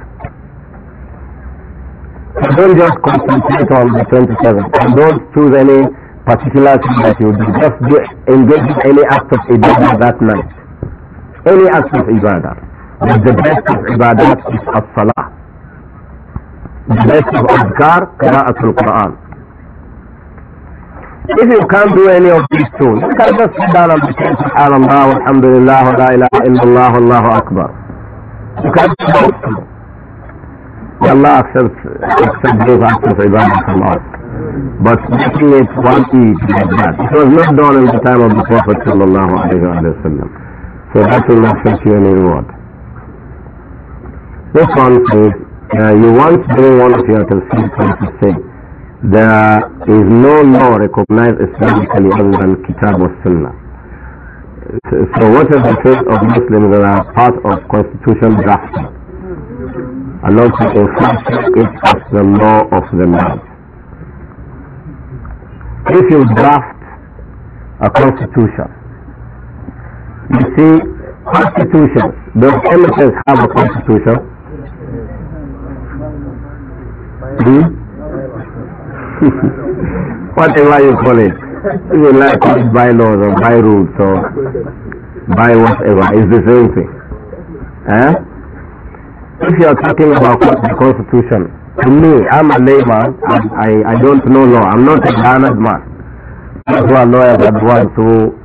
So don't just concentrate on the 27th and don't choose any particular thing that you do. Just do, engage in any act of ibadah that night. any act of ibadah. But the best of ibadah is as-salah. The best of adhkar, qira'at al-Quran. If you can't do any of these two, you can just sit down and say subhanallah, alhamdulillah, la ilaha illallah, Allahu Akbar. You can't do both may Allah accept accepts those acts of ibadah from us. But making it one each like that. It was not done in the time of the Prophet sallallahu alayhi wa sallam. So that will not fetch you any reward. This one says, uh, you once bring one of your tafsir tried to say, there is no law recognized Islamically other than Kitab or Sunnah. So what is the faith of Muslims that are part of constitution drafting? Allah said, in it as the law of the land. If you draft a constitution, you see, constitutions, Those MSS have a constitution? Hmm? Whatever you call it. You like call it bylaws or by rules or by whatever, it's the same thing. Eh? If you are talking about the constitution, to me, I'm a layman and I, I don't know law. I'm not a learned man. who are lawyers are the ones who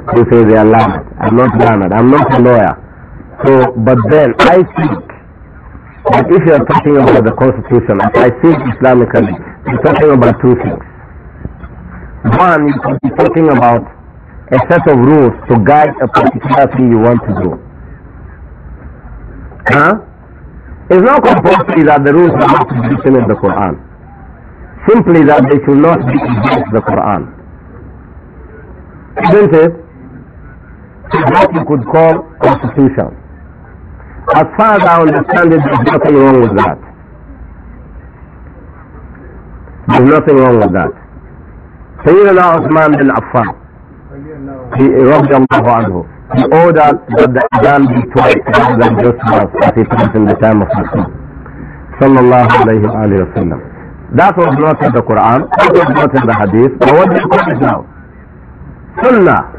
they say they are learned. I'm not learned. I'm not a lawyer. So, but then I think that if you are talking about the constitution, I think Islamically, you're talking about two things. One, you could be talking about a set of rules to guide a particular thing you want to do. Huh? It's not compulsory that the rules are not written in the Quran. Simply that they should not be against the Quran. Isn't it? what you could call constitution. As far as I understand it, there's nothing wrong with that. There's nothing wrong with that. Sayyidina Osman bin Affan, he, radiallahu anhu, he ordered that the Adhan be twice rather than just once as it was in the time of Rasul. Sallallahu alayhi wa sallam. That was not in the Quran, that was not in the Hadith, but what do you call it now? Sunnah.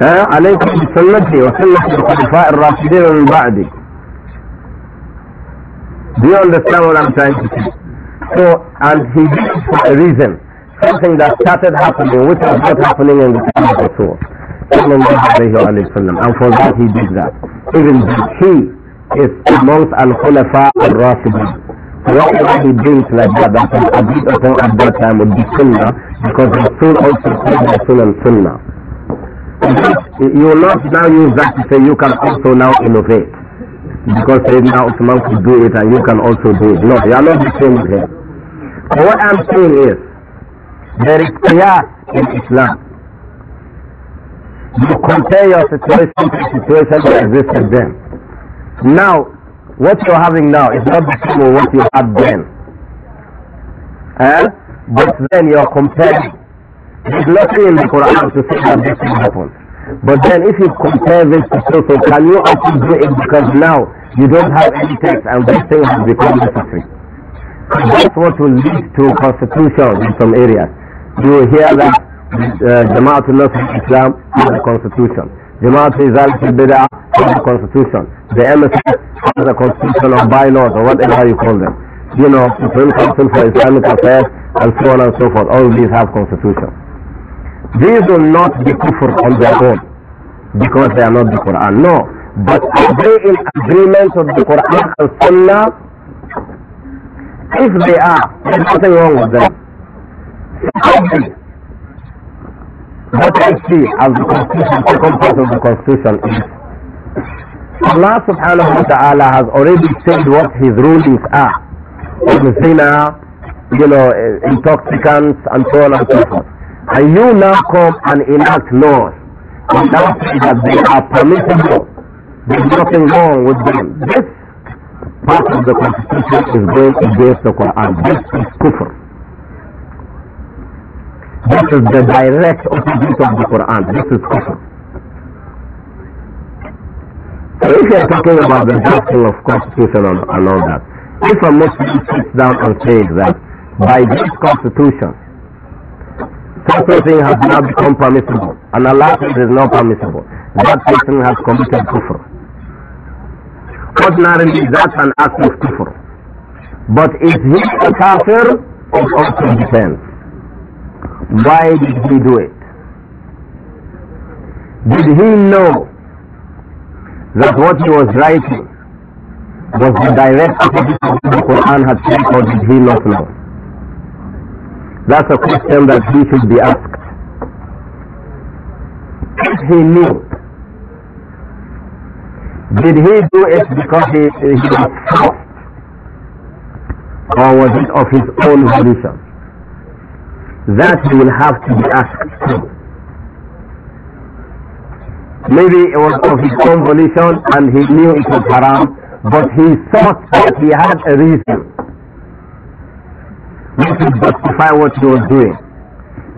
بسنتي وسنة الخلفاء الراشدين من بعدي Do you understand what I'm trying to say? So, and he did it for a reason. Something that started happening, which was not happening in the time of Rasul. And for that he did that. Even he is amongst Al-Khulafa al-Rashidun. Whatever he brings like that, that was agreed at that time would be Sunnah, because Rasul also called Rasul sunnah you will not now use that to say you can also now innovate. Because Sayyidina Uthman could do it and you can also do it. No, you are not the same with him. what I'm saying is, there is qiyas in Islam. You compare your situation to the situation that existed then. Now, what you're having now is not the same with what you had then. Eh? But then you're comparing there's nothing in the Quran to say that this will happen. But then if you compare this to so can you actually do it because now you don't have any text and this thing has become necessary? That's what will lead to constitution in some areas. You hear that uh, Jamaatul Islam has a constitution. Jamaat Izal Bid'ah has a constitution. The MSF has a constitution of bylaws or whatever you call them. You know, Supreme Council for Islamic Affairs and so on and so forth. All these have constitutions. These will not be kufr on their own because they are not the Quran. No. But are they in agreement with the Quran and Sunnah? If they are, there's nothing wrong with them. But what I see as the constitution, second part of the constitution is Allah subhanahu wa ta'ala has already said what his rulings are. On zina, you know, intoxicants and so on and so forth. And you now come and enact laws. And now say that they are permissible. There's nothing wrong with them. This part of the constitution is going against the Quran. This is kufr. This is the direct opposite of the Quran. This is kufr. So if you are talking about the doctrine of constitution and all that, if a Muslim sits down and says that by this constitution, certain thing has not become permissible, and Allah says it is not permissible. That person has committed kufr. Ordinarily, that's an act of kufr. But is he a kafir? It also depends. Why did he do it? Did he know that what he was writing was the direct opposite of what the Quran had said, or did he not know? That's a question that he should be asked. Did he knew, did he do it because he, he was forced? Or was it of his own volition? That he will have to be asked too. Maybe it was of his own volition and he knew it was haram, but he thought that he had a reason nothing justify what he was doing.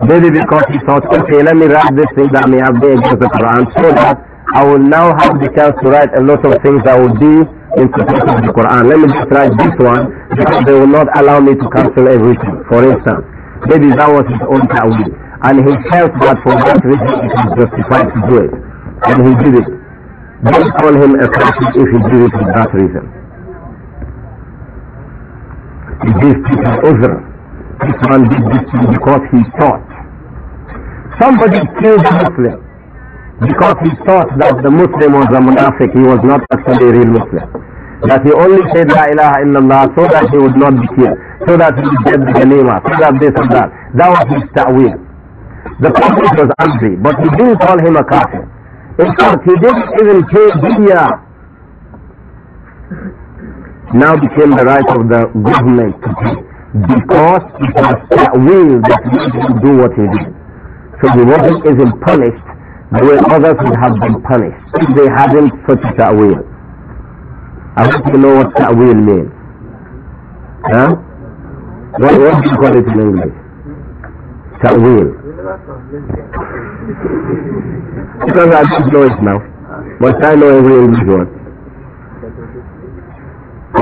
Maybe because he thought, okay, let me write this thing that may have been against the Quran so that I will now have the chance to write a lot of things that will be in support of the Quran. Let me just write this one because they will not allow me to cancel everything, for instance. Maybe that was his own ta'wil. And he felt that for that reason he was justified to do it. And he did it. Don't call him a prophet if he did it for that reason. He gave people uzr. This man did this because he thought. Somebody killed a Muslim because he thought that the Muslim was a munafiq. He was not actually a real Muslim. That he only said La ilaha illallah so that he would not be killed, so that he would get the ganima, so that this and that. That was his ta'wil. The Prophet was angry, but he didn't call him a kafir. In fact, he didn't even pay diya now became the right of the government to do because it was that will that made him do what he did. So he wasn't even punished the way others would have been punished if they hadn't such a will. I want to know what that will means. Huh? What, what do you call it in English? Ta'wil. because I don't know it now, but I know will English what.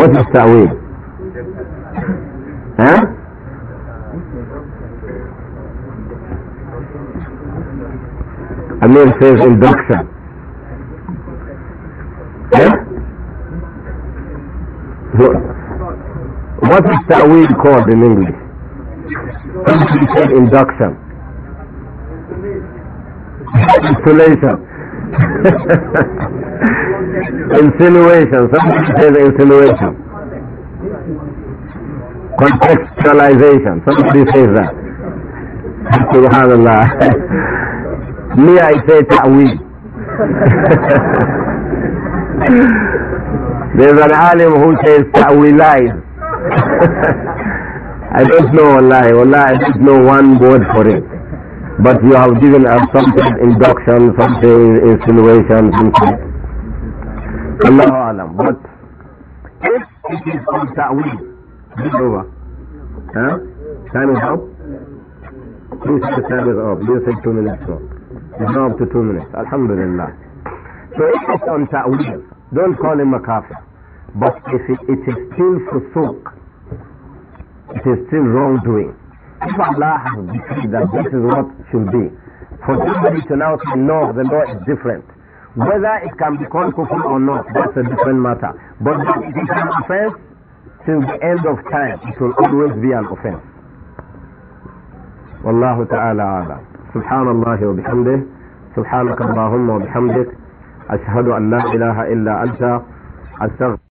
وقت التأويل ها Amir says induction ها What is ta'wil called in English? Something called induction. Installation. Insinuation. Somebody says insinuation. Contextualization. Somebody says that. Subhanallah. Me, I say ta'wil. There's an alim who says ta'wilize. I don't know Allah. Allah, I don't know one word for it. But you have given us something induction, something insinuation, something. Allahu Alam. But if it is on Ta'wil, read over. Huh? Time is up? Please the time is up. You said two minutes more. It's now up to two minutes. Alhamdulillah. So if it's on Ta'wil, don't call him a kafir. But if it, it is still fusuq, it is still wrongdoing. If Allah has decreed that this is what should be, for somebody to now say, no, the law is different, whether it can be called kufr or not, that's a different matter. But it is an offense till the end of time. It will always be an offense. والله تعالى أعلم سبحان الله وبحمده سبحانك اللهم وبحمدك أشهد أن لا إله إلا أنت أستغفر